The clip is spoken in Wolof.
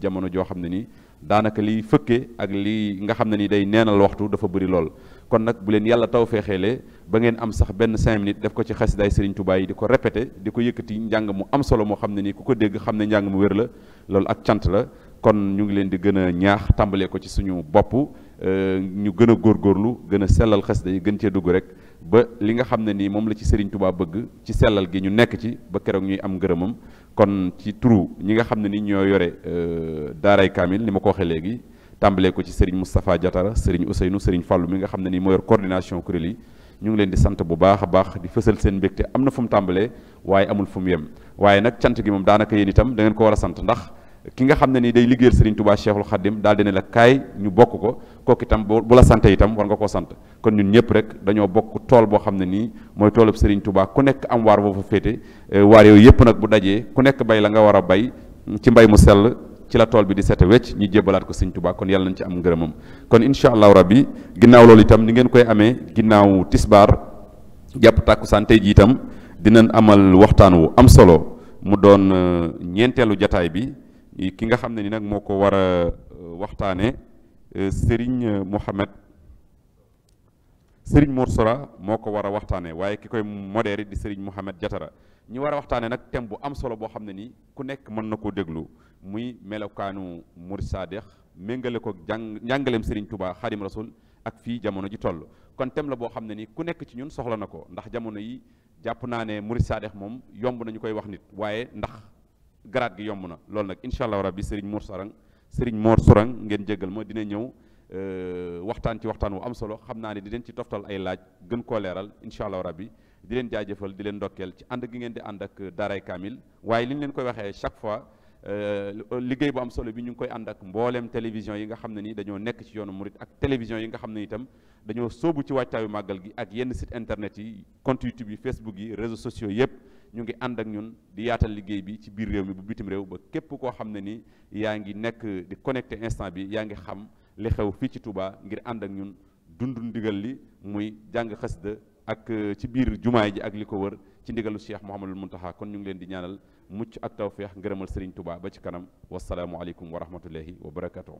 jamono jo xamne ni danaka li fekke ak li nga xamne ni day neenal waxtu dafa bari lol kon nak bu len yalla tawfexele ba ngeen am sax ben 5 minutes def ko ci xass day serigne touba yi diko répéter diko yëkëti njang mu am solo mo xamne ni ku ko dégg xamne njang mu wër la lol ak tiant la kon ñu ngi leen di gëna ñaax tambalé ko ci suñu bop euh ñu gëna gor gorlu gëna selal xass day gën ci dugg rek ba li nga xam ne nii moom la ci Serigne Touba bëgg ci sellal gi ñu nekk ci ba keroog ñuy am ngërëmam kon ci turu ñi nga xam ne ni ñoo yore euh, daaray kaamil ni ma ko waxee léegi tàmbalee ko ci Serigne Moustapha Diatara Serigne Ousseynou sëriñ Fallou mi nga xam ne nii moo yor coordination kuréel yi ñu ngi leen di sant bu baax a baax di fësal seen mbégte am na fu mu tàmbalee waaye amul fu yem waaye nag cant gi moom daanaka yéen itam da ko war a sant ndax ki nga xam ne ni day liggéeyal Serigne Touba Cheikhul Khadim daal di ne kaay ñu bokk ko kooku itam bu bu la sant itam war nga koo sant kon ñun ñëpp rek dañoo bokk tool boo xam ne nii mooy toolub sëriñ ku nekk am waar boo fa féete eh, waar yooyu yëpp nag bu dajee ku nekk bay la nga war a bay mm, ci mbay mu sell ci la tool bi di sete wecc ñu jébalaat ko sëriñ tuba kon yàlla nañ ci am ngërëmam kon insha allahu rabbi ginnaaw loolu itam ni ngeen koy amee ginnaaw tisbar jàpp tàkkusaan tey ji itam dinañ amal waxtaan wu am solo mu doon eh, ñeenteelu jataay bi ki nga xam ne ni nag moo ko war eh, Euh, Serigne euh, Mohamed Serigne Mor Sora moo ko war a waxtaane waaye ki koy modéré di Serigne Mohamed Jatara ñu war a waxtaanee nag thème bu am solo boo xam ne nii ku nekk mën na koo déglu muy melokaanu Murid Saadix méngale ko jàng njàngaleem Serigne Touba Xadim Rasul ak fii jamono ji toll kon tem la boo xam ne nii ku nekk ci ñun soxla na ko ndax jamono yi jàpp naa ne Murid Saadix moom yomb na ñu koy wax nit waaye ndax garaat gi yomb na loolu nag incha allah rabbi Serigne Mor sëriñ Mor Sourang ngeen jéggal ma dina ñëw euh, waxtaan ci waxtaan wu am solo xam naa ne di leen ci toftal ay laaj gën koo leeral incha allah rabbi di leen jaajëfal di leen ndokkeel ci ànd gi ngeen di ànd ak daaray Kamil waaye li ñu leen koy waxee chaque fois euh, liggéey bu am solo bi ñu ngi koy ànd ak mbooleem télévision yi nga xam ne ni dañoo nekk ci yoonu murit ak télévision yi nga xam ne itam dañoo sóobu ci wàccaayu màggal gi ak yenn site internet yi compte YouTube yi Facebook yi réseaux sociaux yëpp ñu ngi ànd ak ñun di yaatal liggéey bi ci biir réew mi bu bitim réew ba képp koo xam ne ni yaa ngi nekk di connecté instant bi yaa ngi xam li xew fii ci tubaa ngir ànd ak ñun dund ndigal li muy jàng xasida ak euh, ci biir jumaay ji ak li ko wër ci ndigalu Cheikh Mouhamadul Mountakha kon ñu ngi leen di ñaanal mucc ak tawféex ngërëmal Serigne tubaa ba ci kanam wasalaamualeykum wa rahmatullahi wa barakatuh